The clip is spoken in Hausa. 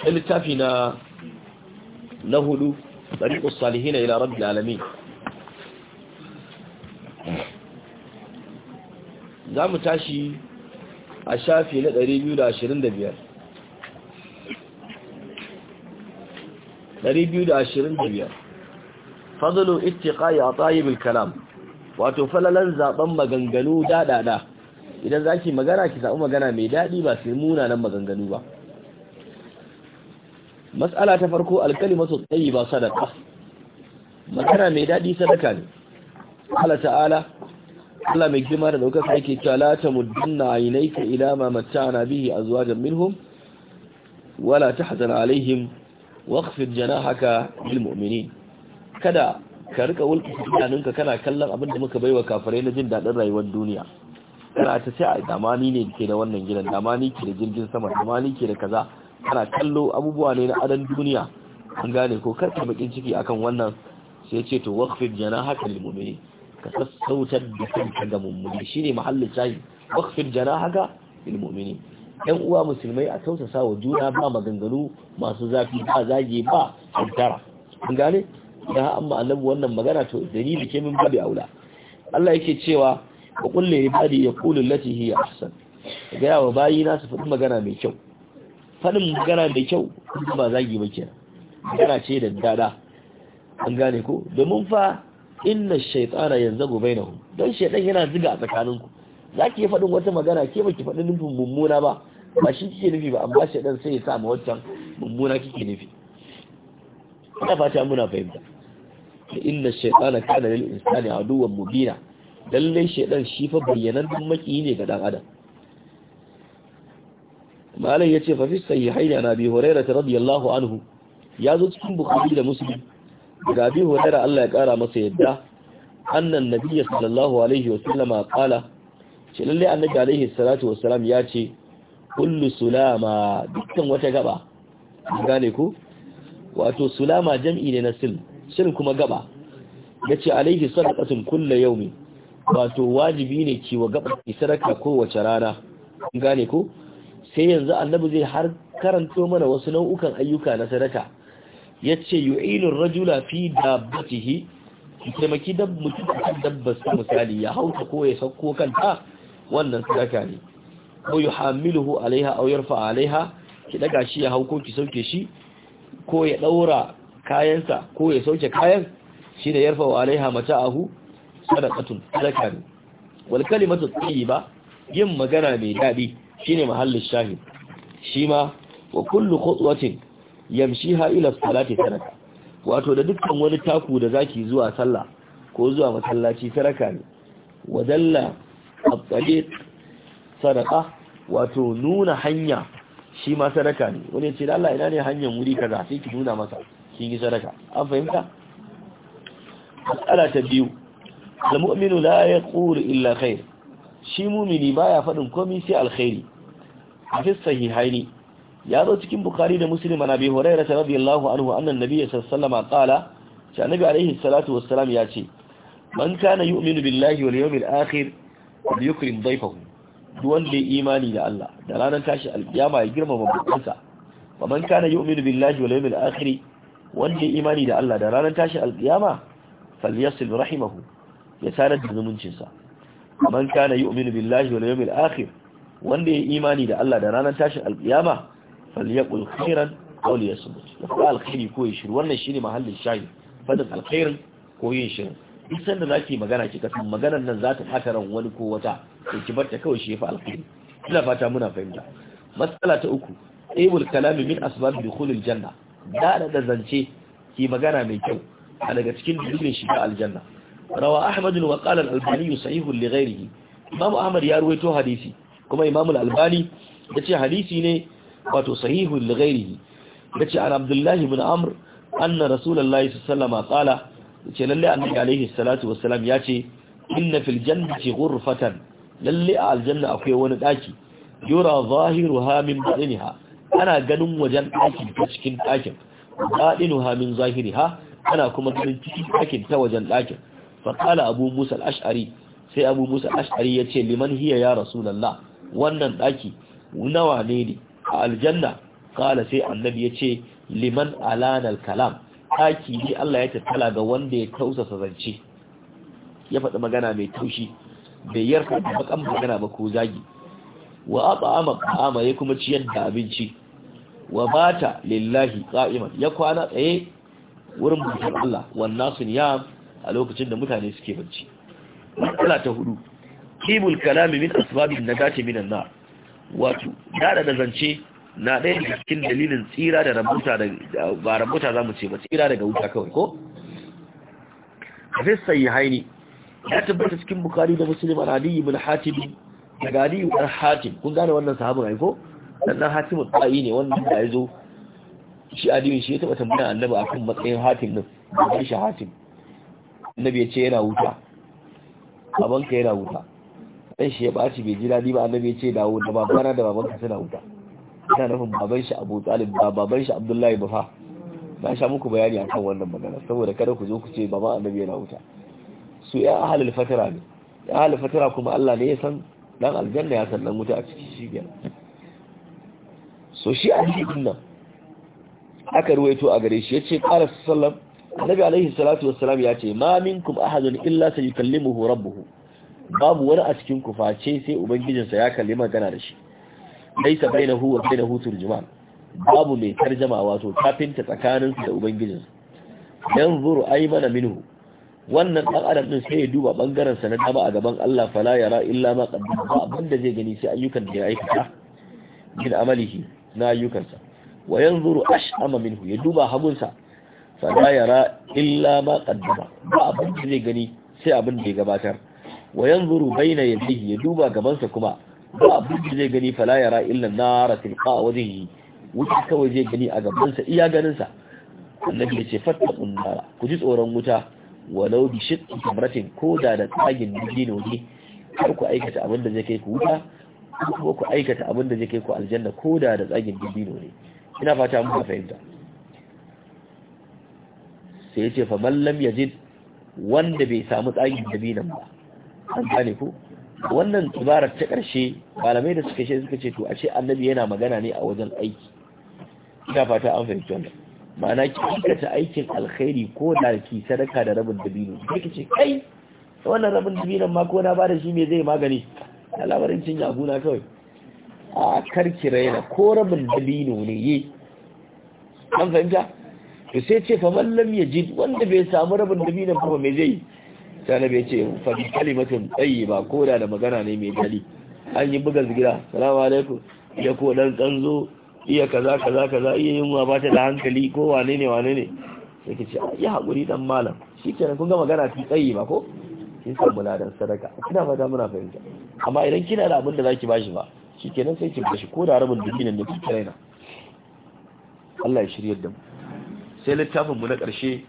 sai littafi na na hudu tariqus salihin ila rabbil alamin za mu tashi a shafi na 225 225 fadlu a atayib alkalam wato falalan zaben maganganu daɗaɗa, idan za ki magana ki zaɓi magana mai daɗi ba sai munanan maganganu ba Matsala ta farko alkalimatu tayyiba sadaqa magana mai daɗi sadaka ne Allah ta'ala Allah mai girma da daukar sa yake cewa a tamuddanna aynayka ila ma matta'na bihi azwajan minhum wala tahzan alaihim waqfid janahaka haka mu'minin kada ka rika wulki tunaninka kana kallon abin da muka baiwa kafirai na jin daɗin rayuwar duniya kana ta sai a damani ne ke da wannan gidan damani ke da jirgin sama damani ke da kaza ana kallo abubuwa ne na adan duniya an gane ko karka bakin ciki akan wannan sai ce to waqfid janahaka lil mu'minin ka sassauta da kanka ga mu'mini shine mahallin shayi waqfid janahaka lil mu'minin yan uwa musulmai a tausasa wa juna ba maganganu masu zafi ba zage ba haddara an gane da amma annabi wannan magana to dalili ke min babu aula Allah yake cewa wa qul li ibadi yaqulu allati hiya ahsan ga yawa bayi na su faɗi magana mai kyau faɗin magana da kyau ba zagi ba ke magana ce da dada an gane ko domin fa inna shaytana yanzagu bainahum Don shaiɗan yana ziga a tsakaninku za yi faɗin wata magana ke baki faɗin nufin mummuna ba ba shi kike nufi ba amma shaitan sai ya sa ma wancan mummuna kike nufi ina fata muna fahimta inna shaitana kana lil insani aduwwan mubina lalle shaiɗan shi fa bayyanan maki ne ga dan adam malai yace fa fi sahihaini an abi hurairah radiyallahu anhu ya zo cikin bukhari da muslim daga abi hurairah Allah ya kara masa yadda annan nabiyyi sallallahu alaihi wa sallama qala ce lalle annabi alaihi salatu wassalam ya ce kullu sulama dukkan wata gaba gane ku wato sulama jam'i ne na sil sil kuma gaba yace alaihi sadaqatun kullu yawmi wato wajibi ne ki wa gaba ki sadaka kowace rana gane ku sai yanzu annabi zai har karanto mana wasu nau'ukan ayyuka na sadaka yace yuinun rajula fi dabbatihi taimaki dab mutum kan dabbar sa misali ya hauta ko ya sauko kanta wannan sadaka ne ko hamiluhu alaiha aw yarfa alaiha ki daga shi ya hauko ki sauke shi ko ya daura kayansa ko ya sauke kayan shi da yarfa alaiha ahu sadaqatun sadaka ne wal kalimatu tayyiba yin magana mai dadi shine mahallin shahid shi ma wa kullu khutwatin yamshiha ila salati saraka wato da dukkan wani taku da zaki zuwa sallah ko zuwa masallaci saraka ne wadalla at-tariq sadaka wato nuna hanya shi ma sadaka ne wani ya ce da Allah ina ne hanyar wuri kaza sai ki nuna masa kin yi sadaka an fahimta matsala ta biyu al-mu'minu la yaqulu illa khair shi mumini baya faɗin komai sai alkhairi a fi sahihaini ya zo cikin bukari da muslim an abi hurairah radiyallahu anhu annan nabiyyi sallallahu alaihi wasallam shi annabi alaihi salatu wassalam ya ce man kana yu'minu billahi wal yawmil akhir yukrim dayfahu duk wanda ya imani da Allah da ranar tashi alkiyama ya girmama bukunsa wa man kana yu'minu billahi wal yawmil akhir wanda ya imani da Allah da ranar tashi alkiyama falyasil rahimahu ya sanar da zumuncinsa man kana yu'minu billahi wal yawmil akhir wanda ya imani da Allah da ranar tashin alkiyama falyaqul khairan aw liyasmut fa alkhairi ko ya shiru wannan shine mahallin shayi fadin alkhairin ko yin shiru duk sanda zaki magana kika san maganar nan za ta ran wani ko wata to ki ta kawai shi fa alkhairi ina fata muna fahimta matsala ta uku aibul kalami min asbab dukhulil janna da da zance ki magana mai kyau a daga cikin dalilin shiga aljanna rawa ahmad wa qala al-albani sahihun li ghayrihi imam ahmad ya ruwaito hadisi kuma imam al-albani yace hadisi ne wato sahihun li ghayrihi yace an abdullahi ibn amr anna rasulullahi sallallahu alaihi wasallam qala yace lalle annabi alaihi salatu wassalam yace inna fil jannati ghurfatan lalle a aljanna akwai wani daki yura zahiruha min batniha ana ganin wajen daki ta cikin dakin batinuha min zahiriha ana kuma ganin cikin dakin ta wajen dakin faƙala abu musa al'ash'ari sai abu musa al'ash'ari ya ce liman hiya ya rasulallah wannan ɗaki nawa ne ne a aljanna ƙala sai annabi ya ce liman alanal kalam ɗaki ne allah ya tattala ga wanda ya tausa zance ya faɗi magana mai taushi bai yarda da bakan magana ba ko zagi wa ama ta'ama ya kuma ciyar da abinci wa bata lillahi ƙa'iman, ya kwana tsaye wurin bukar Allah wannan sun niyam a lokacin da mutane suke bacci matsala ta hudu kibul kalami min asbabin najati minan na wato dada da zance na ɗaya daga cikin dalilin tsira da rabuta da ba rabuta zamu ce ba tsira daga wuta kawai ko sayi haini ya tabbata cikin bukari da musulun a ali ibn hatim daga Aliyu ibn hatim kun gane wannan sahabin aiko? ko sannan hatim tsayi ne wannan da ya zo shi ali shi ya taba tambaya annaba akan matsayin hatim din da shi hatim annabi ya ce yana wuta babanka yana wuta dan shi ya baci bai ji daɗi ba annabi ya ce dawo da babana da babanka suna wuta ina nufin baban shi Abu Talib ba baban shi Abdullahi ba fa na sha muku bayani akan wannan magana saboda kada ku zo ku ce baban annabi yana wuta su ya ahlul fatara ne ya ahlul fatara kuma Allah ne ya san dan aljanna ya san dan wuta a cikin shi kenan so shi a cikin nan aka ruwaito a gare shi yace qala sallallahu annabi alaihi salatu wassalam ya ce ma minkum ahadun illa sayukallimuhu rabbuhu babu wani a cikin ku face sai ubangijinsa ya kalli magana da shi laisa bainahu wa bainahu turjuman babu mai tarjama wato kafinta tsakanin da ubangijinsa yanzuru aymana minhu wannan dan adam din sai ya duba bangaren sa na dama a gaban Allah fala yara illa ma qaddama ba abinda zai gani sai ayyukan da ya aikata min amalihi na ayyukansa wa yanzuru ash'ama minhu ya duba hagunsa fala yara illa ma qaddama ba abin da zai gani sai abin da ya gabatar wa yanzuru baina yadihi ya duba gabansa kuma ba abin da zai gani fala yara illa nara tilqa wajhihi wuce kawai zai gani a gabansa iya ganinsa annabi ya ce fattaqun nara ku ji tsoron wuta walau bi shiqqi kamratin ko da da tsagin dino ne kar ku aikata abin da zai kai ku wuta ko ku aikata abin da zai kai ku aljanna ko da da tsagin dino ne ina fata mun fahimta sai ya ce fa mallam ya ji wanda bai samu tsagin dabinan ba an gane ku wannan tsibarar ta karshe, malamai da suka ce suka ce to a ce annabi yana magana ne a wajen aiki ina fata an fahimci wannan ma'ana ki ta aikin alkhairi ko da ki sadaka da rabin dabino sai ki ce kai wannan rabin dabinon ma ko na bada shi me zai magani labarin cin yaguna kawai a karki raina ko rabin dabino ne ye. an fahimta to sai ce fa lam ya ji wanda bai samu rabin binan kuma mai zai sana bai ce fa bi kalimatin ba ko da da magana ne mai dali an yi buga zigira salamu alaikum ya ko dan tsanzo iya kaza kaza kaza iya yunwa ba ta da hankali ko wane ne wane ne sai ki ce ya hakuri dan malam Shi kenan kun ga magana ta ba ko kin samu ladan sadaka kina fata muna fahimta amma idan kina da abin da zaki bashi ba shi kenan sai ki bashi ko da rabin dabinan ne kike raina Allah ya shirya da mu sai littafin mu na ƙarshe